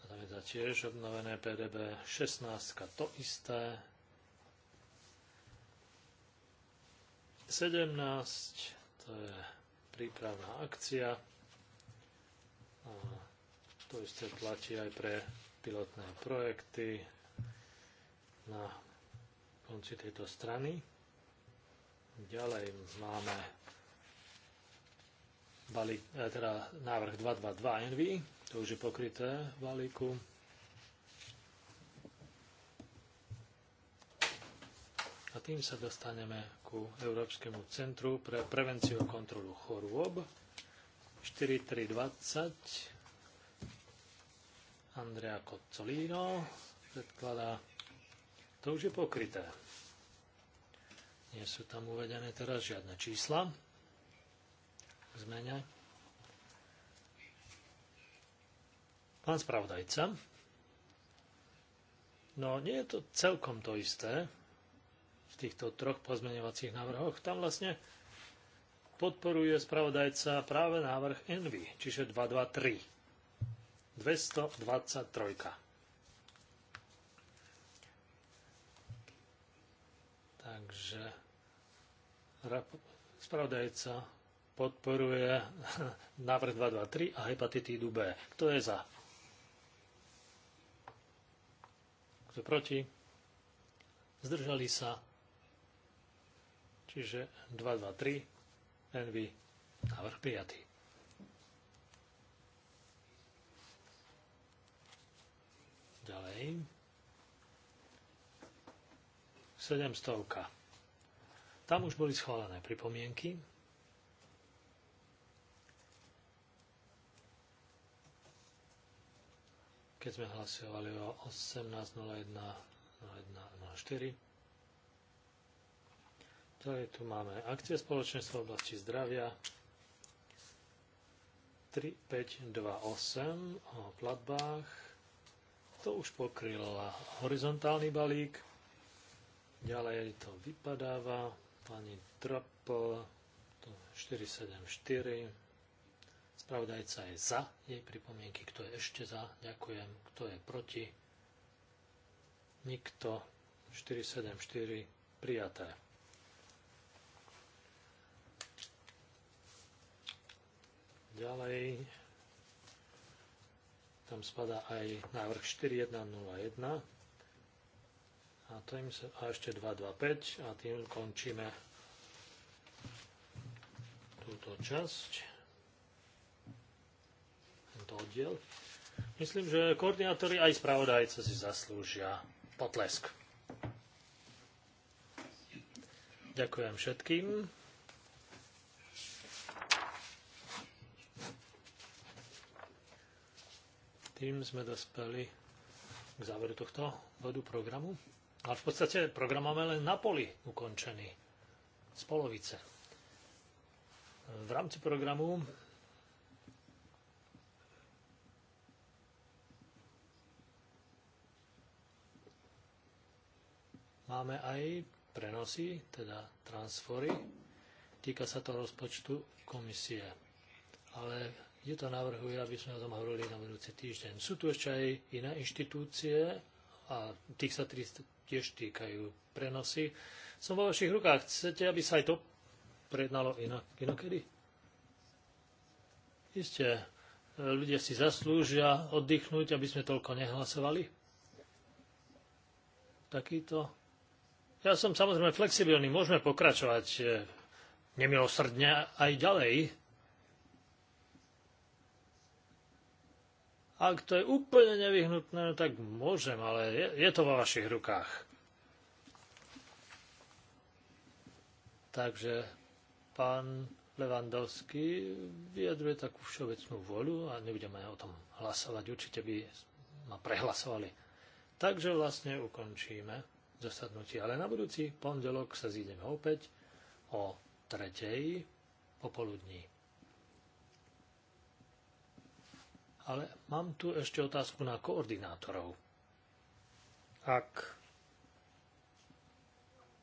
a tam je to tiež obnovené PDB, 16, to isté, 17, to je prípravná akcia, a to isté platí aj pre pilotné projekty na konci tejto strany. Ďalej máme balík, e, teda návrh 222 NV, to už je pokryté v balíku. A tým sa dostaneme ku Európskemu centru pre prevenciu a kontrolu chorôb. 4320 Andrea Cozzolino predkladá. To už je pokryté. Nie sú tam uvedené teraz žiadne čísla v zmene. Pán spravodajca, no nie je to celkom to isté v týchto troch pozmeňovacích návrhoch. Tam vlastne podporuje spravodajca práve návrh Envy, čiže 223. 223. Takže spravodajca podporuje návrh 223 a hepatitídu B. Kto je za? Kto proti? Zdržali sa. Čiže 223 vy. Návrh prijatý. Ďalej. 700. Tam už boli schválené pripomienky. Keď sme hlasovali o 18.01.04, Ďalej tu máme akcie spoločenstva v oblasti zdravia 3528 o platbách. To už pokryla horizontálny balík. Ďalej to vypadáva pani Trapo, 474. Spravodajca je za jej pripomienky. Kto je ešte za? Ďakujem. Kto je proti? Nikto. 474. Prijaté. Ďalej tam spadá aj návrh 4101 a, a ešte 225 a tým končíme túto časť tento oddiel. Myslím, že koordinátori aj spravodajce si zaslúžia potlesk. Ďakujem všetkým. Tým sme dospeli k záveru tohto bodu programu. Ale v podstate program máme len na poli ukončený. Z polovice. V rámci programu máme aj prenosy, teda transfory. Týka sa to rozpočtu komisie ale je to navrhuje, aby sme o tom hovorili na budúci týždeň. Sú tu ešte aj iné inštitúcie a tých sa tiež týkajú prenosy. Som vo vašich rukách. Chcete, aby sa aj to prednalo inak, inokedy? Isté, ľudia si zaslúžia oddychnúť, aby sme toľko nehlasovali. Takýto. Ja som samozrejme flexibilný, môžeme pokračovať eh, nemilosrdne aj ďalej, Ak to je úplne nevyhnutné, no tak môžem, ale je, je to vo vašich rukách. Takže pán Levandovský vyjadruje takú všeobecnú voľu a nebudeme o tom hlasovať. Určite by ma prehlasovali. Takže vlastne ukončíme zasadnutie. Ale na budúci pondelok sa zídeme opäť o tretej popoludní. Ale mám tu ešte otázku na koordinátorov. Ak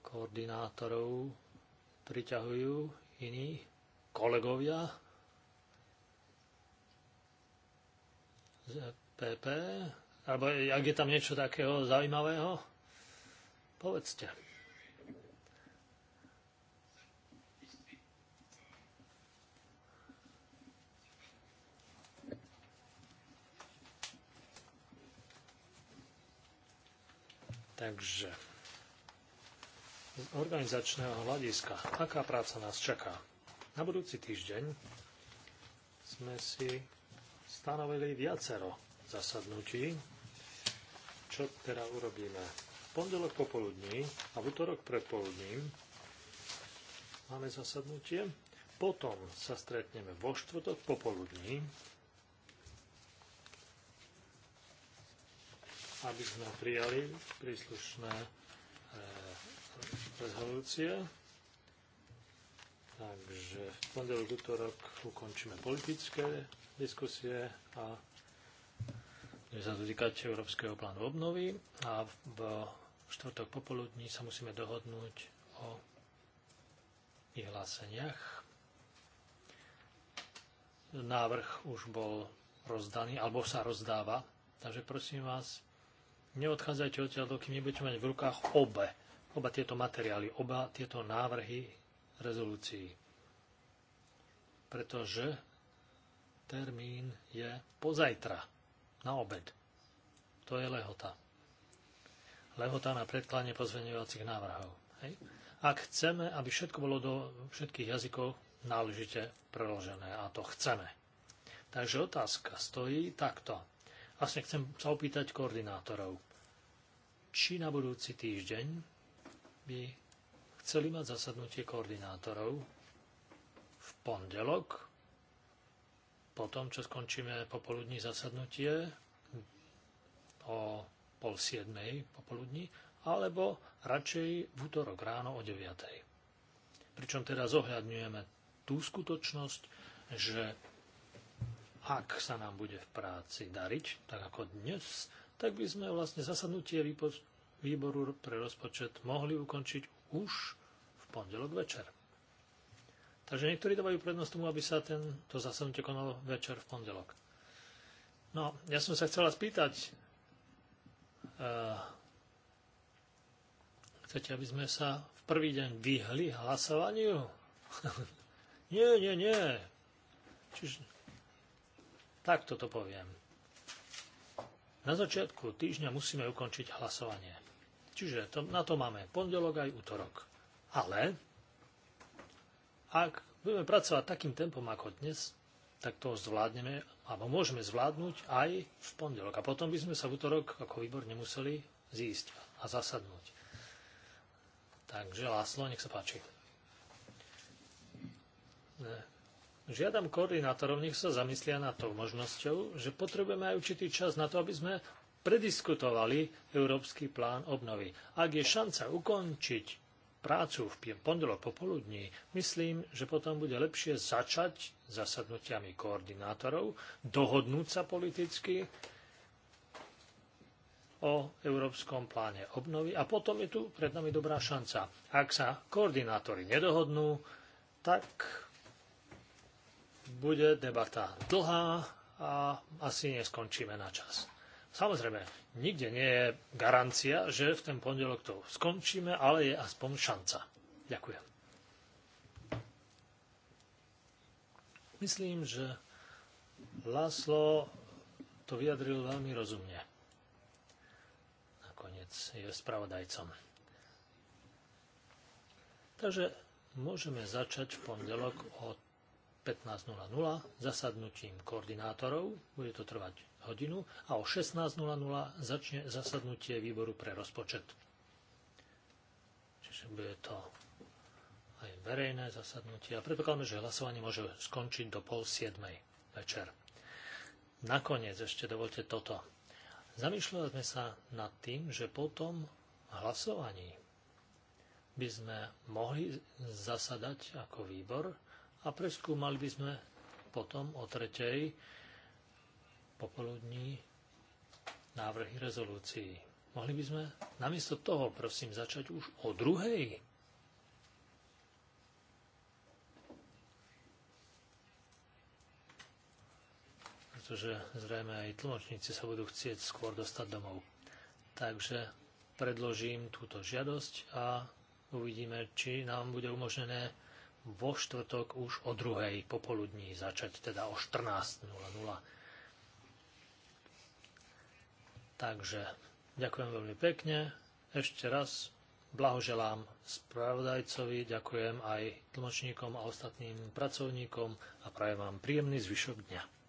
koordinátorov priťahujú iní kolegovia z PP, alebo ak je tam niečo takého zaujímavého, povedzte. Takže z organizačného hľadiska, aká práca nás čaká? Na budúci týždeň sme si stanovili viacero zasadnutí, čo teda urobíme. V pondelok popoludní a v útorok predpoludním máme zasadnutie, potom sa stretneme vo štvrtok popoludní aby sme prijali príslušné e, rezolúcie. Takže v pondelok, útorok ukončíme politické diskusie a bude sa dotýkať Európskeho plánu obnovy a v štvrtok popoludní sa musíme dohodnúť o vyhláseniach. Návrh už bol rozdaný, alebo sa rozdáva. Takže prosím vás, neodchádzajte odtiaľ, dokým nebudete mať v rukách obe, oba tieto materiály, oba tieto návrhy rezolúcií. Pretože termín je pozajtra, na obed. To je lehota. Lehota na predklanie pozveňujúcich návrhov. Hej? Ak chceme, aby všetko bolo do všetkých jazykov náležite preložené, a to chceme. Takže otázka stojí takto. Vlastne chcem sa opýtať koordinátorov, či na budúci týždeň by chceli mať zasadnutie koordinátorov v pondelok, potom čo skončíme popoludní zasadnutie o pol siedmej popoludní, alebo radšej v útorok ráno o 9. Pričom teda zohľadňujeme tú skutočnosť, že ak sa nám bude v práci dariť, tak ako dnes, tak by sme vlastne zasadnutie výboru pre rozpočet mohli ukončiť už v pondelok večer. Takže niektorí dávajú prednosť tomu, aby sa ten, to zasadnutie konalo večer v pondelok. No, ja som sa chcela spýtať, uh, chcete, aby sme sa v prvý deň vyhli hlasovaniu? nie, nie, nie. Čiže tak toto poviem. Na začiatku týždňa musíme ukončiť hlasovanie. Čiže to, na to máme pondelok aj útorok. Ale ak budeme pracovať takým tempom ako dnes, tak to zvládneme, alebo môžeme zvládnuť aj v pondelok. A potom by sme sa v útorok ako výbor nemuseli zísť a zasadnúť. Takže Láslo, nech sa páči. Ne. Žiadam koordinátorov, nech sa zamyslia nad tou možnosťou, že potrebujeme aj určitý čas na to, aby sme prediskutovali Európsky plán obnovy. Ak je šanca ukončiť prácu v pondelok popoludní, myslím, že potom bude lepšie začať zasadnutiami koordinátorov, dohodnúť sa politicky o Európskom pláne obnovy a potom je tu pred nami dobrá šanca. Ak sa koordinátori nedohodnú, tak bude debata dlhá a asi neskončíme na čas. Samozrejme, nikde nie je garancia, že v ten pondelok to skončíme, ale je aspoň šanca. Ďakujem. Myslím, že Laslo to vyjadril veľmi rozumne. Nakoniec je spravodajcom. Takže môžeme začať v pondelok od 15.00 zasadnutím koordinátorov, bude to trvať hodinu, a o 16.00 začne zasadnutie výboru pre rozpočet. Čiže bude to aj verejné zasadnutie a predpokladáme, že hlasovanie môže skončiť do pol siedmej večer. Nakoniec ešte dovolte toto. Zamýšľali sme sa nad tým, že potom hlasovaní by sme mohli zasadať ako výbor a preskúmali by sme potom o tretej popoludní návrhy rezolúcií. Mohli by sme namiesto toho, prosím, začať už o druhej. Pretože zrejme aj tlmočníci sa budú chcieť skôr dostať domov. Takže predložím túto žiadosť a uvidíme, či nám bude umožnené vo štvrtok už o druhej popoludní začať, teda o 14.00. Takže ďakujem veľmi pekne. Ešte raz blahoželám spravodajcovi, ďakujem aj tlmočníkom a ostatným pracovníkom a prajem vám príjemný zvyšok dňa.